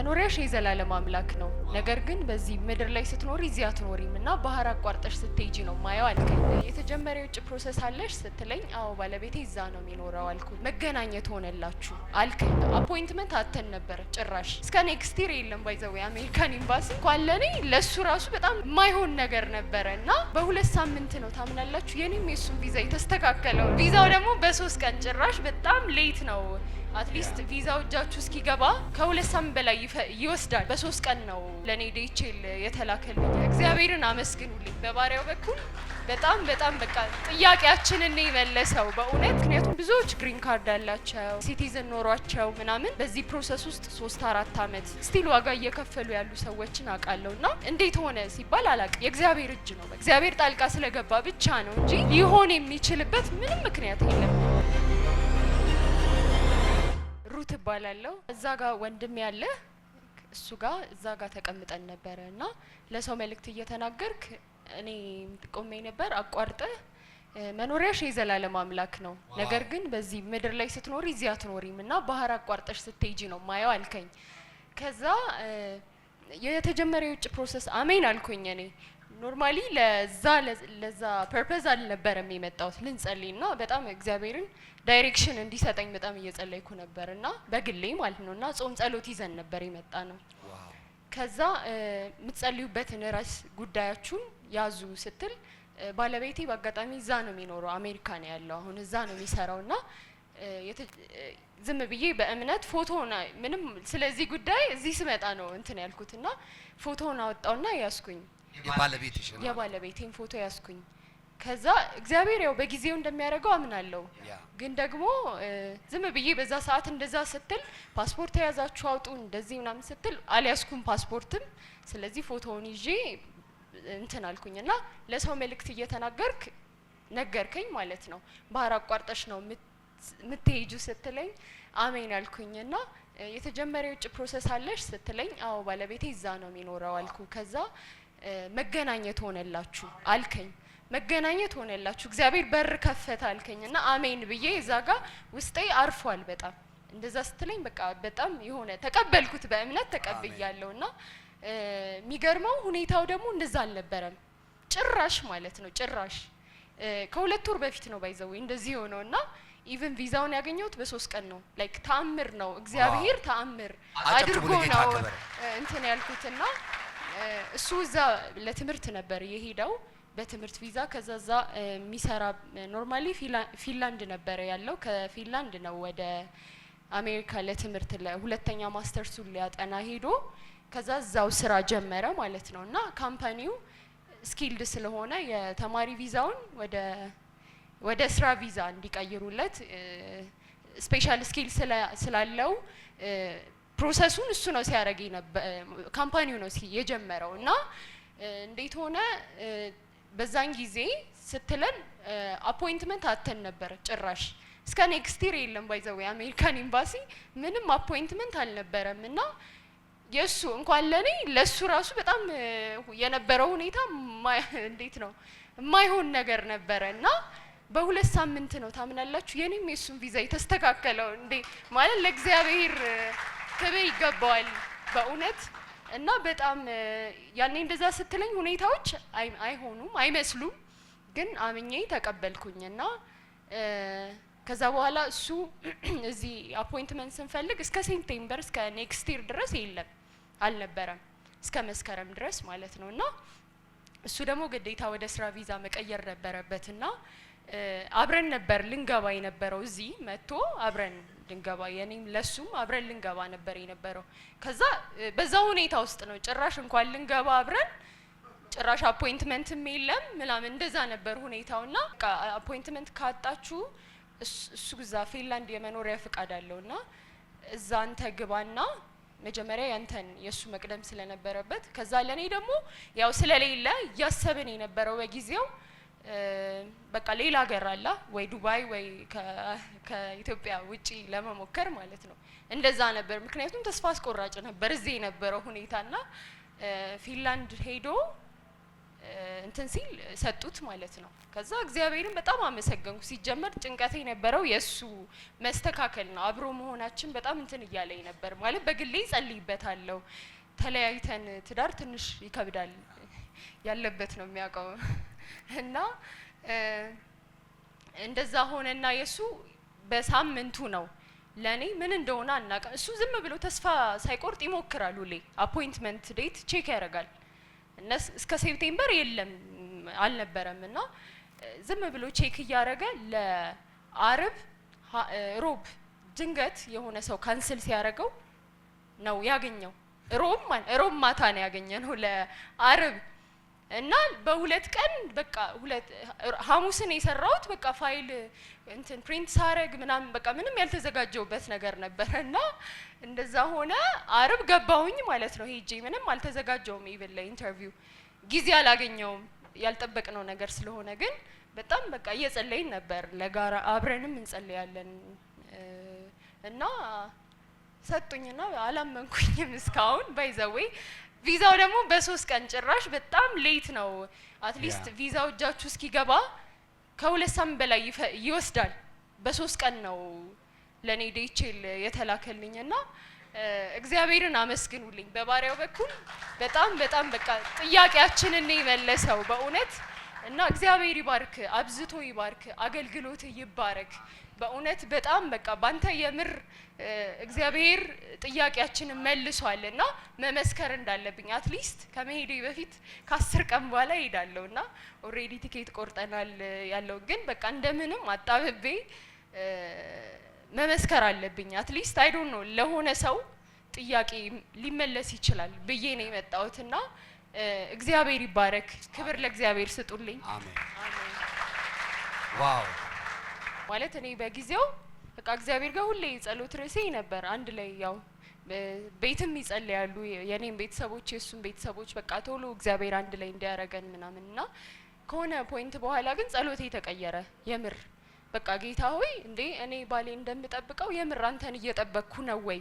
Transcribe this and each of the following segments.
መኖሪያሽ የዘላለም አምላክ ነው። ነገር ግን በዚህ ምድር ላይ ስትኖሪ እዚህ አትኖሪም እና ባህር አቋርጠሽ ስትሄጂ ነው ማየው አልከኝ። የተጀመረ የውጭ ፕሮሰስ አለሽ ስትለኝ አዎ ባለቤቴ እዛ ነው የሚኖረው አልኩ። መገናኘት ሆነላችሁ አልከኝ። አፖይንትመንት አተን ነበር ጭራሽ እስከ ኔክስት ይር የለም ባይዘው የአሜሪካን ኤምባሲ እንኳን ለእኔ ለእሱ ራሱ በጣም የማይሆን ነገር ነበረ እና በሁለት ሳምንት ነው ታምናላችሁ የኔም የእሱም ቪዛ የተስተካከለው ቪዛው ደግሞ በሶስት ቀን ጭራሽ በጣም ሌት ነው አትሊስት ቪዛው እጃችሁ እስኪገባ ከሁለት ሳምንት በላይ ይወስዳል። በሶስት ቀን ነው ለእኔ ዴቼል የተላከልኝ። እግዚአብሔርን አመስግኑልኝ በባሪያው በኩል በጣም በጣም በቃ ጥያቄያችንን የመለሰው በእውነት ምክንያቱም ብዙዎች ግሪን ካርድ አላቸው ሲቲዝን ኖሯቸው ምናምን በዚህ ፕሮሰስ ውስጥ ሶስት አራት አመት ስቲል ዋጋ እየከፈሉ ያሉ ሰዎችን አውቃለሁ። እና እንዴት ሆነ ሲባል አላውቅም። የእግዚአብሔር እጅ ነው። እግዚአብሔር ጣልቃ ስለገባ ብቻ ነው እንጂ ሊሆን የሚችልበት ምንም ምክንያት የለም። እባላለሁ። እዛ ጋር ወንድም ያለ እሱ ጋር እዛ ጋር ተቀምጠን ነበረ እና ለሰው መልእክት እየተናገርክ እኔ ቆሜ ነበር አቋርጠ መኖሪያሽ የዘላለም አምላክ ነው፣ ነገር ግን በዚህ ምድር ላይ ስትኖሪ እዚያ አትኖሪም እና ባህር አቋርጠሽ ስትሄጂ ነው ማየው አልከኝ። ከዛ የተጀመረ የውጭ ፕሮሰስ አሜን አልኩኝ እኔ ኖርማሊ ለዛ ለዛ ፐርፐዝ አልነበረም የመጣሁት ልንጸልይ እና በጣም እግዚአብሔርን ዳይሬክሽን እንዲሰጠኝ በጣም እየጸለይኩ ነበር በግሌ ማለት ነው እና ጾም ጸሎት ይዘን ነበር የመጣ ነው። ከዛ የምትጸልዩበትን ርዕስ ጉዳያችሁን ያዙ ስትል ባለቤቴ በአጋጣሚ እዛ ነው የሚኖረው፣ አሜሪካ ነው ያለው አሁን እዛ ነው የሚሰራው ዝም ብዬ በእምነት ፎቶውን ምንም ስለዚህ ጉዳይ እዚህ ስመጣ ነው እንትን ያልኩት ፎቶውን አወጣውና ያስኩኝ የባለቤቴን ፎቶ ያዝኩኝ። ከዛ እግዚአብሔር ያው በጊዜው እንደሚያደርገው አምናለሁ። ግን ደግሞ ዝም ብዬ በዛ ሰዓት እንደዛ ስትል ፓስፖርት የያዛችሁ አውጡ እንደዚህ ምናምን ስትል አልያዝኩም ፓስፖርትም። ስለዚህ ፎቶውን ይዤ እንትን አልኩኝ እና ለሰው መልእክት እየተናገርክ ነገርከኝ ማለት ነው። ባህር አቋርጠሽ ነው ምትሄጁ ስትለኝ አሜን አልኩኝ እና የተጀመረ የውጭ ፕሮሰስ አለሽ ስትለኝ አዎ ባለቤቴ እዛ ነው የሚኖረው አልኩ ከዛ መገናኘት ሆነላችሁ አልከኝ። መገናኘት ሆነላችሁ እግዚአብሔር በር ከፈተ አልከኝ እና አሜን ብዬ እዛ ጋ ውስጤ አርፏል። በጣም እንደዛ ስትለኝ በቃ በጣም የሆነ ተቀበልኩት፣ በእምነት ተቀብያለሁ። እና የሚገርመው ሁኔታው ደግሞ እንደዛ አልነበረም ጭራሽ ማለት ነው። ጭራሽ ከሁለት ወር በፊት ነው ባይዘው እንደዚህ የሆነው እና ኢቨን ቪዛውን ያገኘሁት በሶስት ቀን ነው። ላይክ ተአምር ነው፣ እግዚአብሔር ተአምር አድርጎ ነው እንትን ያልኩትና እሱ እዛ ለትምህርት ነበር የሄደው በትምህርት ቪዛ። ከዛ እዛ የሚሰራ ኖርማሊ ፊንላንድ ነበረ ያለው። ከፊንላንድ ነው ወደ አሜሪካ ለትምህርት ለሁለተኛ ማስተርሱን ሊያጠና ሄዶ ከዛ እዛው ስራ ጀመረ ማለት ነው። እና ካምፓኒው ስኪልድ ስለሆነ የተማሪ ቪዛውን ወደ ወደ ስራ ቪዛ እንዲቀይሩለት ስፔሻል ስኪል ስላለው ፕሮሰሱን እሱ ነው ሲያደርግ ካምፓኒው ነው የጀመረው እና እንዴት ሆነ በዛን ጊዜ ስትለን አፖይንትመንት አተን ነበር ጭራሽ እስከ ኔክስት ይር የለም ባይዘው የአሜሪካን ኤምባሲ ምንም አፖይንትመንት አልነበረም እና የእሱ እንኳን ለኔ ለሱ ራሱ በጣም የነበረው ሁኔታ እንዴት ነው የማይሆን ነገር ነበረ እና በሁለት ሳምንት ነው ታምናላችሁ የኔም የሱን ቪዛ የተስተካከለው እንዴ ማለት ለእግዚአብሔር ክብር ይገባዋል በእውነት እና በጣም ያኔ እንደዛ ስትለኝ ሁኔታዎች አይሆኑም አይመስሉም፣ ግን አምኜ ተቀበልኩኝ እና ከዛ በኋላ እሱ እዚህ አፖይንትመንት ስንፈልግ እስከ ሴፕቴምበር እስከ ኔክስት ይር ድረስ የለም አልነበረም፣ እስከ መስከረም ድረስ ማለት ነው እና እሱ ደግሞ ግዴታ ወደ ስራ ቪዛ መቀየር ነበረበት ና አብረን ነበር ልንገባ የነበረው እዚህ መጥቶ አብረን ልንገባ የኔም ለሱም አብረን ልንገባ ነበር የነበረው። ከዛ በዛ ሁኔታ ውስጥ ነው ጭራሽ እንኳን ልንገባ አብረን ጭራሽ አፖይንትመንትም የለም ምናምን እንደዛ ነበር ሁኔታው። እና አፖይንትመንት ካጣችሁ እሱ እዛ ፊንላንድ የመኖሪያ ፍቃድ አለው እና እዛ አንተ ግባና መጀመሪያ ያንተን የእሱ መቅደም ስለነበረበት ከዛ ለእኔ ደግሞ ያው ስለሌለ እያሰብን የነበረው በጊዜው በቃ ሌላ ሀገር አላ ወይ ዱባይ ወይ ከኢትዮጵያ ውጪ ለመሞከር ማለት ነው። እንደዛ ነበር። ምክንያቱም ተስፋ አስቆራጭ ነበር እዚህ የነበረው ና ፊንላንድ ሄዶ እንትን ሲል ሰጡት ማለት ነው። ከዛ እግዚአብሔርን በጣም አመሰገንኩ። ሲጀመር ጭንቀት የነበረው የእሱ መስተካከል ነው። አብሮ መሆናችን በጣም እንትን እያለኝ ነበር ማለት በግሌ ጸልይበታለሁ። ተለያይተን ትዳር ትንሽ ይከብዳል ያለበት ነው የሚያውቀው እና እንደዛ ሆነና የሱ በሳምንቱ ነው ለኔ ምን እንደሆነ አናውቅም። እሱ ዝም ብሎ ተስፋ ሳይቆርጥ ይሞክራል። ሁሌ አፖይንትመንት ዴት ቼክ ያደርጋል። እስከ ሴፕቴምበር የለም አልነበረም እና ዝም ብሎ ቼክ እያደረገ ለአርብ ሮብ ድንገት የሆነ ሰው ካንስል ሲያደርገው ነው ያገኘው። ሮብ ማታ ነው ያገኘ ነው ለአርብ እና በሁለት ቀን በቃ ሁለት ሐሙስን የሰራሁት በቃ ፋይል እንትን ፕሪንት ሳረግ ምናምን በቃ ምንም ያልተዘጋጀውበት ነገር ነበረ። እና እንደዛ ሆነ። አርብ ገባሁኝ ማለት ነው ሄጄ ምንም አልተዘጋጀውም። ኢቨን ለኢንተርቪው ጊዜ አላገኘውም ያልጠበቅነው ነገር ስለሆነ። ግን በጣም በቃ እየጸለይን ነበር ለጋራ አብረንም እንጸለያለን እና ሰጡኝና አላመንኩኝም እስካሁን ባይዘዌ ቪዛው ደግሞ በሶስት ቀን ጭራሽ በጣም ሌት ነው። አትሊስት ቪዛው እጃችሁ እስኪገባ ከሁለት ሳምንት በላይ ይወስዳል። በሶስት ቀን ነው ለእኔ ዴቼል የተላከልኝ እና እግዚአብሔርን አመስግኑልኝ በባሪያው በኩል በጣም በጣም በቃ ጥያቄያችንን ነው የመለሰው በእውነት እና እግዚአብሔር ይባርክ፣ አብዝቶ ይባርክ፣ አገልግሎት ይባረክ። በእውነት በጣም በቃ ባንተ የምር እግዚአብሔር ጥያቄያችንን መልሷል እና መመስከር እንዳለብኝ አትሊስት ከመሄዴ በፊት ከአስር ቀን በኋላ እሄዳለሁ እና ኦሬዲ ቲኬት ቆርጠናል ያለው ግን በቃ እንደምንም አጣብቤ መመስከር አለብኝ አትሊስት አይዶ ነው ለሆነ ሰው ጥያቄ ሊመለስ ይችላል ብዬ ነው የመጣሁት እና እግዚአብሔር ይባረክ። ክብር ለእግዚአብሔር ስጡልኝ። ዋው ማለት እኔ በጊዜው በቃ እግዚአብሔር ጋር ሁሌ ጸሎት ርዕሴ ነበር። አንድ ላይ ያው ቤትም ይጸልያሉ የኔም ቤተሰቦች የእሱም ቤተሰቦች በቃ ቶሎ እግዚአብሔር አንድ ላይ እንዲያረገን ምናምን እና ከሆነ ፖይንት በኋላ ግን ጸሎቴ ተቀየረ። የምር በቃ ጌታ ሆይ እንዴ እኔ ባሌ እንደምጠብቀው የምር አንተን እየጠበቅኩ ነው ወይ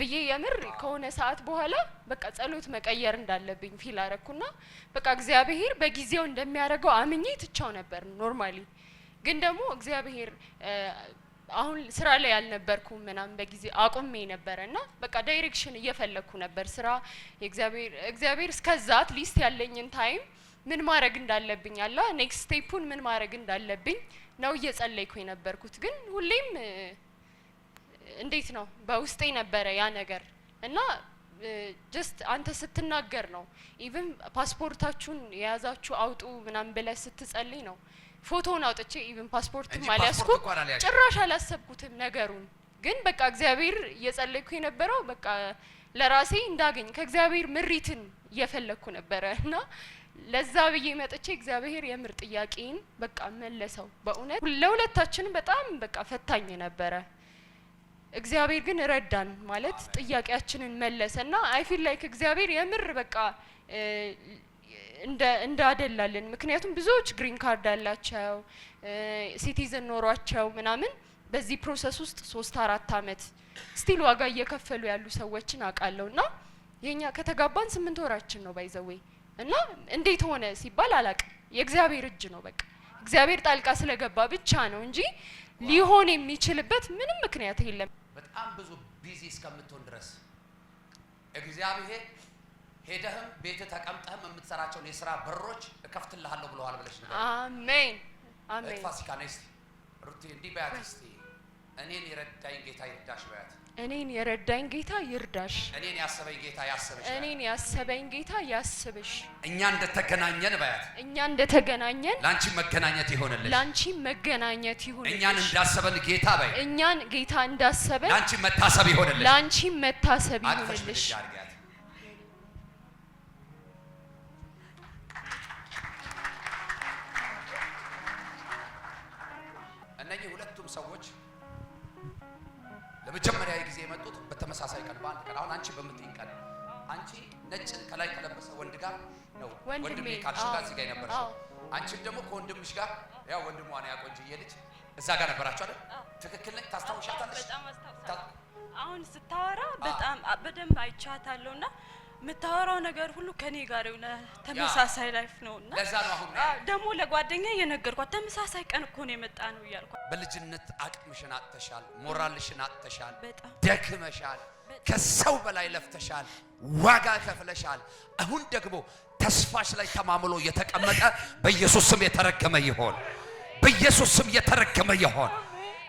ብዬ የምር ከሆነ ሰዓት በኋላ በቃ ጸሎት መቀየር እንዳለብኝ ፊል አረኩና በቃ እግዚአብሔር በጊዜው እንደሚያደርገው አምኜ ትቻው ነበር ኖርማሊ ግን ደግሞ እግዚአብሔር አሁን ስራ ላይ ያልነበርኩም ምናምን በጊዜ አቁሜ ነበረ እና በቃ ዳይሬክሽን እየፈለግኩ ነበር። ስራ እግዚአብሔር እስከዛ አትሊስት ያለኝን ታይም ምን ማድረግ እንዳለብኝ አለ ኔክስት ስቴፑን ምን ማድረግ እንዳለብኝ ነው እየጸለይኩ የነበርኩት። ግን ሁሌም እንዴት ነው በውስጤ ነበረ ያ ነገር እና ጀስት አንተ ስትናገር ነው ኢቭን ፓስፖርታችሁን የያዛችሁ አውጡ ምናምን ብለ ስትጸልይ ነው ፎቶውን አውጥቼ ኢቭን ፓስፖርትም አልያዝኩ፣ ጭራሽ አላሰብኩትም ነገሩን። ግን በቃ እግዚአብሔር እየጸለይኩ የነበረው በቃ ለራሴ እንዳገኝ ከእግዚአብሔር ምሪትን እየፈለግኩ ነበረ እና ለዛ ብዬ መጥቼ እግዚአብሔር የምር ጥያቄን በቃ መለሰው። በእውነት ለሁለታችንም በጣም በቃ ፈታኝ ነበረ። እግዚአብሔር ግን ረዳን ማለት ጥያቄያችንን መለሰ እና አይፊል ላይክ እግዚአብሔር የምር በቃ እንደ ምክንያቱም ብዙዎች ግሪን ካርድ ያላቸው ሲቲዝን ኖሯቸው ምናምን በዚህ ፕሮሰስ ውስጥ ሶስት አራት አመት ስቲል ዋጋ እየከፈሉ ያሉ ሰዎችን አውቃለሁ። እና የኛ ከተጋባን ስምንት ወራችን ነው ባይዘዌ እና እንዴት ሆነ ሲባል አላቅም። የእግዚአብሔር እጅ ነው በቃ እግዚአብሔር ጣልቃ ስለገባ ብቻ ነው እንጂ ሊሆን የሚችልበት ምንም ምክንያት የለም። በጣም ብዙ ቢዚ እስከምትሆን ድረስ እግዚአብሔር ሄደህም ቤት ተቀምጠህም የምትሰራቸውን የስራ በሮች እከፍትልሃለሁ ብለዋል ብለሽ ነው። አሜን አሜን። ፋሲካ ነሽ ሩቲ እንዲህ በያት እስቲ እኔን የረዳኝ ጌታ ይርዳሽ በያት። እኔን የረዳኝ ጌታ ይርዳሽ። እኔን ያሰበኝ ጌታ ያስብሽ። እኔን ያሰበኝ ጌታ ያስብሽ። እኛ እንደተገናኘን በያት። እኛ እንደተገናኘን ላንቺ መገናኘት ይሆንልሽ። ላንቺ መገናኘት ይሆንልሽ። እኛን እንዳሰበን ጌታ በይ። እኛን ጌታ እንዳሰበን ላንቺ መታሰብ ይሆንልሽ። ላንቺ መታሰብ ይሆንልሽ። ሰዎች ለመጀመሪያ ጊዜ የመጡት በተመሳሳይ ቀን በአንድ ቀን። አሁን አንቺ በምትይኝ ቀን አንቺ ነጭ ከላይ ከለበሰ ወንድ ጋር ነው ወንድሜ ካልሽ ጋር እዚህ ጋር የነበረሽው አንቺም ደግሞ ከወንድምሽ ጋር ያው ወንድሟ ነው ያቆንጅዬ ልጅ እዛ ጋር ነበራችሁ አይደል? ትክክል ነኝ። ታስታውሻታለሽ? አሁን ስታወራ በጣም በደንብ አይቻታለሁና የምታወራው ነገር ሁሉ ከኔ ጋር የሆነ ተመሳሳይ ላይፍ ነው እና ለዛ ነው አሁን ደግሞ ለጓደኛ እየነገርኳት ተመሳሳይ ቀን እኮ ነው የመጣ ነው እያልኳት፣ በልጅነት አቅምሽን አጥተሻል፣ ሞራልሽን አጥተሻል፣ በጣም ደክመሻል፣ ከሰው በላይ ለፍተሻል፣ ዋጋ ከፍለሻል። አሁን ደግሞ ተስፋሽ ላይ ተማምሎ የተቀመጠ በኢየሱስ ስም የተረገመ ይሆን፣ በኢየሱስ ስም የተረገመ ይሆን።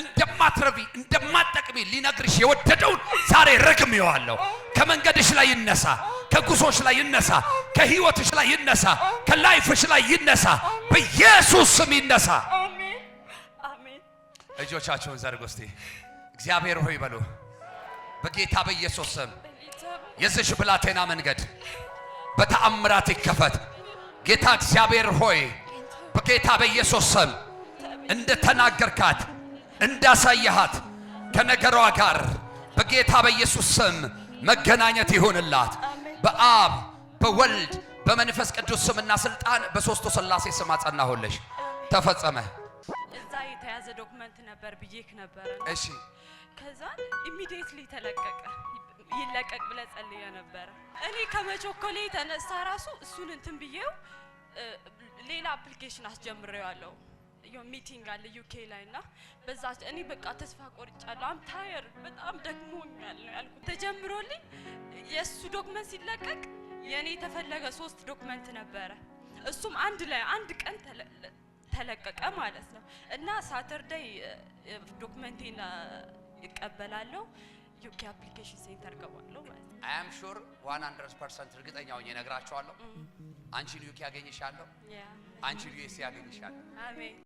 እንደማትረቢ እንደማትጠቅሚ ሊነግርሽ የወደደውን ዛሬ ረግሜዋለሁ። ከመንገድሽ ላይ ይነሳ። ከቁሶች ላይ ይነሳ፣ ከህይወትሽ ላይ ይነሳ፣ ከላይፍሽ ላይ ይነሳ፣ በኢየሱስ ስም ይነሳ። እጆቻቸውን ዘርጉ እስቲ እግዚአብሔር ሆይ በሉ። በጌታ በኢየሱስ ስም የዚሽ ብላቴና መንገድ በተአምራት ይከፈት። ጌታ እግዚአብሔር ሆይ በጌታ በኢየሱስ ስም እንደ ተናገርካት እንዳሳየሃት ከነገሯ ጋር በጌታ በኢየሱስ ስም መገናኘት ይሁንላት። በአብ በወልድ በመንፈስ ቅዱስ ስምና ስልጣን በሶስቱ ስላሴ ስም አጸናሁልሽ። ተፈጸመ። እዛ የተያዘ ዶክመንት ነበር ብዬክ ነበረ። እሺ፣ ከዛ ኢሚዲየትሊ ተለቀቀ። ይለቀቅ ብለ ጸልየ ነበረ። እኔ ከመቾኮሌ የተነሳ ራሱ እሱን እንትን ብዬው ሌላ አፕሊኬሽን አስጀምሬዋለሁ። የሆነ ሚቲንግ አለ ዩኬ ላይ እና በዛ እኔ በቃ ተስፋ ቆርጫለሁ። አም ታየር በጣም ደክሞኛል ነው ያልኩት። ተጀምሮልኝ የእሱ ዶክመንት ሲለቀቅ የእኔ የተፈለገ ሶስት ዶክመንት ነበረ። እሱም አንድ ላይ አንድ ቀን ተለቀቀ ማለት ነው እና ሳተርዳይ ዶክመንቴን ይቀበላለሁ ዩኬ አፕሊኬሽን ሴንተር ገባለሁ ማለት ነው። አይ አም ሹር 100% እርግጠኛ ሆኜ እነግራቸዋለሁ። አንቺን ዩኬ ያገኝሻለሁ፣ አንቺን ዩኤስ ያገኝሻለሁ። አሜን።